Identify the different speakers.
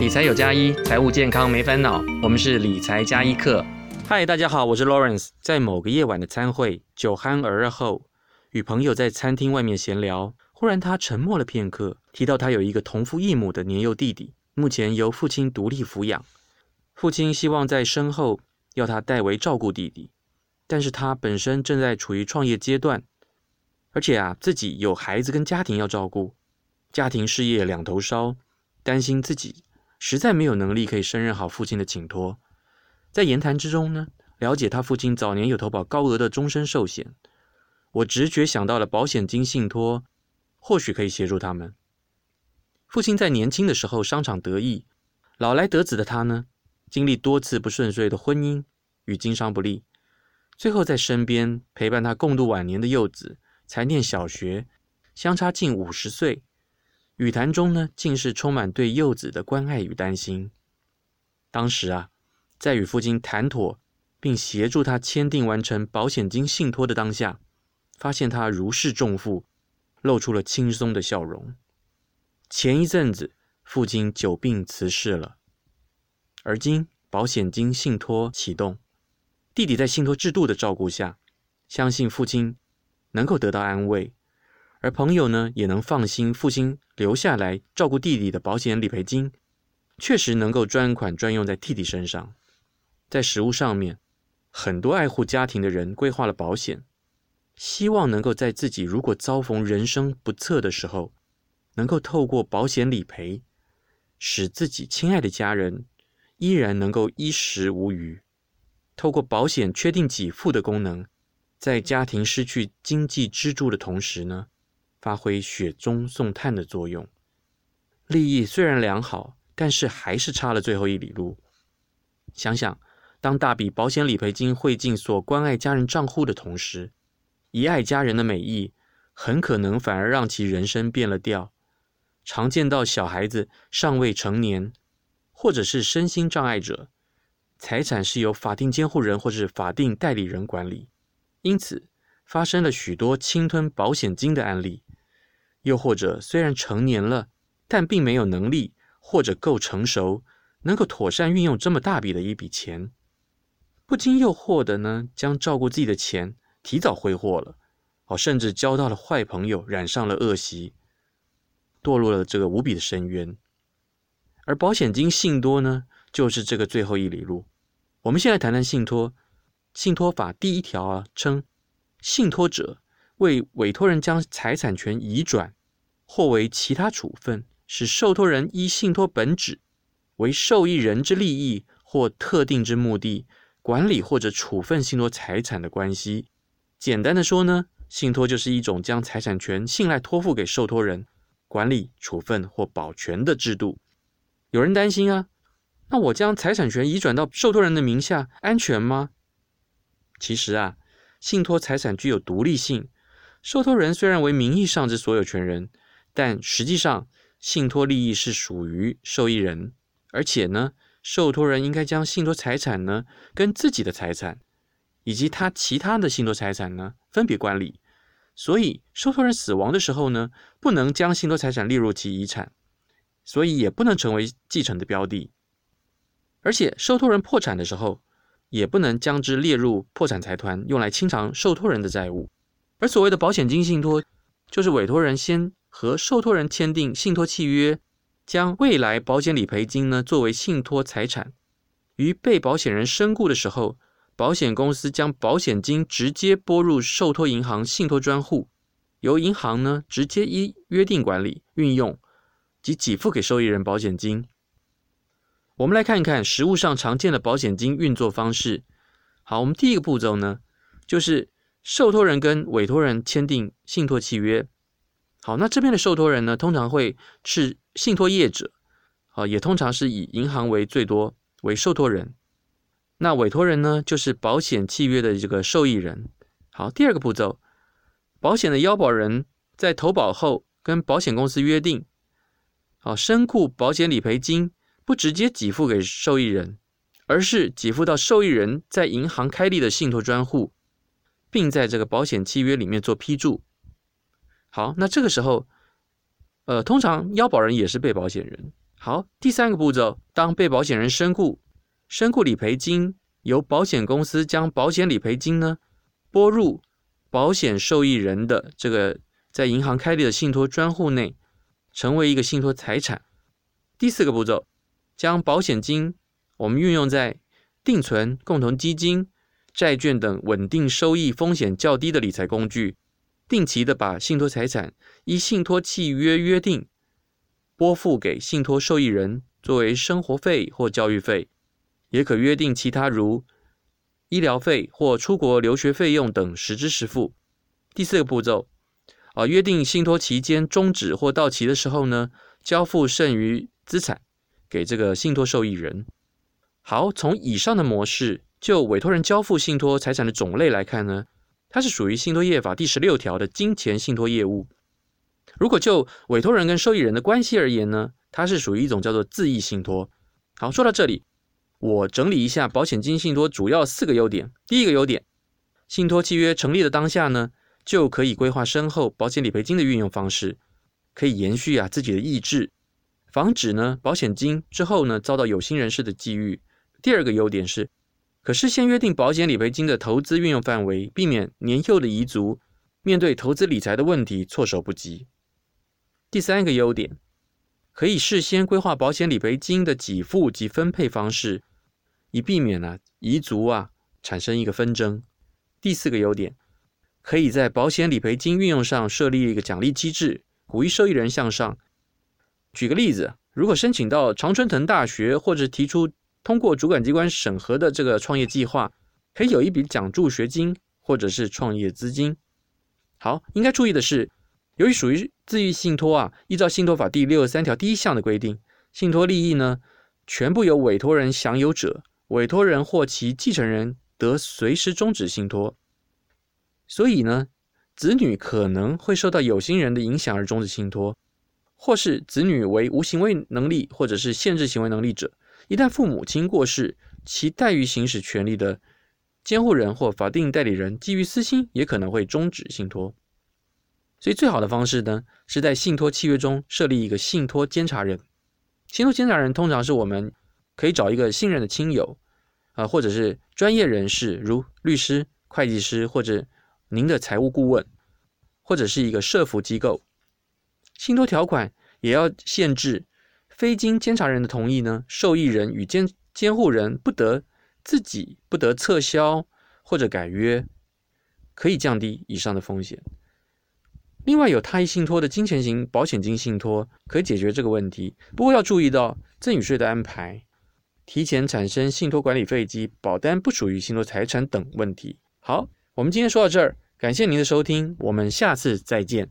Speaker 1: 理財有加一，財務健康沒煩惱。我們是理財加一課。嗨，大家好，我是 Lawrence。在某個夜晚的餐會，酒酣耳熱後，與朋友在餐廳外面閒聊，忽然他沉默了片刻，提到他有一個同父異母的年幼弟弟，目前由父親獨立撫養。父親希望在身後要他代為照顧弟弟，但是他本身正在處於創業階段，而且啊，自己有孩子跟家庭要照顧，家庭事業兩頭燒，擔心自己。實在沒有能力可以勝任好父親的請托，在言談之中呢，了解他父親早年有投保高額的終身壽險，我直覺想到了保險金信託，或許可以協助他們。父親在年輕的時候商場得意，老來得子的他呢，經歷多次不順遂的婚姻與經商不利，最後在身邊陪伴他共度晚年的幼子，才念小學，相差近五十歲。語談中呢，盡是充滿對幼子的關愛與擔心。當時啊，在與父親談妥並協助他簽訂完成保險金信託的當下，發現他如釋重負，露出了輕鬆的笑容。前一陣子，父親久病辭世了，而今保險金信託啟動，弟弟在信託制度的照顧下，相信父親能夠得到安慰。而朋友呢，也能放心，父親留下來照顧弟弟的保險理賠金，確實能夠專款專用在弟弟身上。在實務上面，很多愛護家庭的人規劃了保險，希望能夠在自己如果遭逢人生不測的時候，能夠透過保險理賠，使自己親愛的家人依然能夠衣食無虞。透過保險確定給付的功能，在家庭失去經濟支柱的同時呢，發揮雪中送炭的作用，立意雖然良好，但是還是差了最後一哩路。想想，當大筆保險理賠金匯進所關愛家人賬戶的同時，遺愛家人的美意，很可能反而讓其人生變了調。常見到小孩子尚未成年，或者是身心障礙者，財產是由法定監護人或者是法定代理人管理，因此發生了許多侵吞保險金的案例。又或者，雖然成年了，但並沒有能力或者夠成熟，能夠妥善運用這麼大筆的一筆錢，不經誘惑的呢，將照顧自己的錢提早揮霍了，哦，甚至交到了壞朋友，染上了惡習，墮落了這個無比的深淵。而保險金信託呢，就是這個最後一里路。我們先來談談信託，信託法第一條啊稱，信託者。為委託人將財產權移轉，或為其他處分，使受託人依信託本旨，為受益人之利益或特定之目的，管理或者處分信託財產的關係。簡單的說呢，信託就是一種將財產權信賴託付給受託人，管理、處分或保全的制度。有人擔心啊，那我將財產權移轉到受託人的名下，安全嗎？其實啊，信託財產具有獨立性。受託人雖然為名義上之所有權人，但實際上信託利益是屬於受益人。而且呢，受託人應該將信託財產呢跟自己的財產，以及他其他的信託財產呢分別管理。所以，受託人死亡的時候呢，不能將信託財產列入其遺產，所以也不能成為繼承的標的。而且，受託人破產的時候，也不能將之列入破產財團，用來清償受託人的債務。而所謂的保險金信託，就是委託人先和受託人簽訂信託契約，將未來保險理賠金呢作為信託財產，於被保險人身故的時候，保險公司將保險金直接撥入受託銀行信託專戶，由銀行呢直接依約定管理運用及給付給受益人保險金。我們來看一看實務上常見的保險金運作方式。好，我們第一個步驟呢，就是。受託人跟委託人簽訂信託契約。好，那這邊的受託人呢，通常會是信託業者，啊，也通常是以銀行為最多為受託人。那委託人呢，就是保險契約的這個受益人。好，第二個步驟，保險的要保人在投保後跟保險公司約定，啊，身故保險理賠金不直接給付給受益人，而是給付到受益人在銀行開立的信託專戶。並在這個保險契約裡面做批注。好，那這個時候，呃，通常要保人也是被保險人。好，第三個步驟，當被保險人身故，身故理賠金由保險公司將保險理賠金呢撥入保險受益人的這個在銀行開立的信託專戶內，成為一個信託財產。第四個步驟，將保險金我們運用在定存、共同基金。債券等穩定收益、風險較低的理財工具，定期的把信托財產依信托契約約定撥付給信托受益人，作為生活費或教育費，也可約定其他如醫療費或出國留學費用等實支實付。第四個步驟，啊，約定信托期間終止或到期的時候呢，交付剩餘資產給這個信托受益人。好，從以上的模式。就委託人交付信託財產的種類來看呢，它是屬於信託業法第十六條的金錢信託業務。如果就委託人跟受益人的關係而言呢，它是屬於一種叫做自益信託。好，說到這裡，我整理一下保險金信託主要四個優點。第一個優點，信託契約成立的當下呢，就可以規劃身後保險理賠金的運用方式，可以延續啊自己的意志，防止呢保險金之後呢遭到有心人士的覬覦。第二個優點是。可事先約定保險理賠金的投資運用範圍，避免年幼的遺族面對投資理財的問題措手不及。第三個優點，可以事先規劃保險理賠金的給付及分配方式，以避免呢、啊、遺族啊產生一個紛爭。第四個優點，可以在保險理賠金運用上設立一個獎勵機制，鼓勵受益人向上。舉個例子，如果申請到常春藤大學或者提出。通過主管機關審核的這個創業計劃，可以有一筆獎助學金或者是創業資金。好，應該注意的是，由於屬於自益信託，啊，依照信托法第六十三條第一項的規定，信托利益呢，全部由委托人享有者，委托人或其繼承人得隨時終止信托。所以呢，子女可能會受到有心人的影響而終止信托，或是子女為無行為能力或者是限制行為能力者。一旦父母親過世，其怠於行使權利的監護人或法定代理人基於私心，也可能會終止信託。所以，最好的方式呢，是在信託契約中設立一個信託監察人。信託監察人通常是我們可以找一個信任的親友，啊、呃，或者是專業人士，如律師、會計師或者您的財務顧問，或者是一個社服機構。信託條款也要限制。非經監察人的同意呢，受益人與監監護人不得自己不得撤銷或者改約，可以降低以上的風險。另外有他益信託的金錢型保險金信託可以解決這個問題，不過要注意到贈與稅的安排、提前產生信託管理費及保單不屬於信託財產等問題。好，我們今天說到這兒，感謝您的收聽，我們下次再見。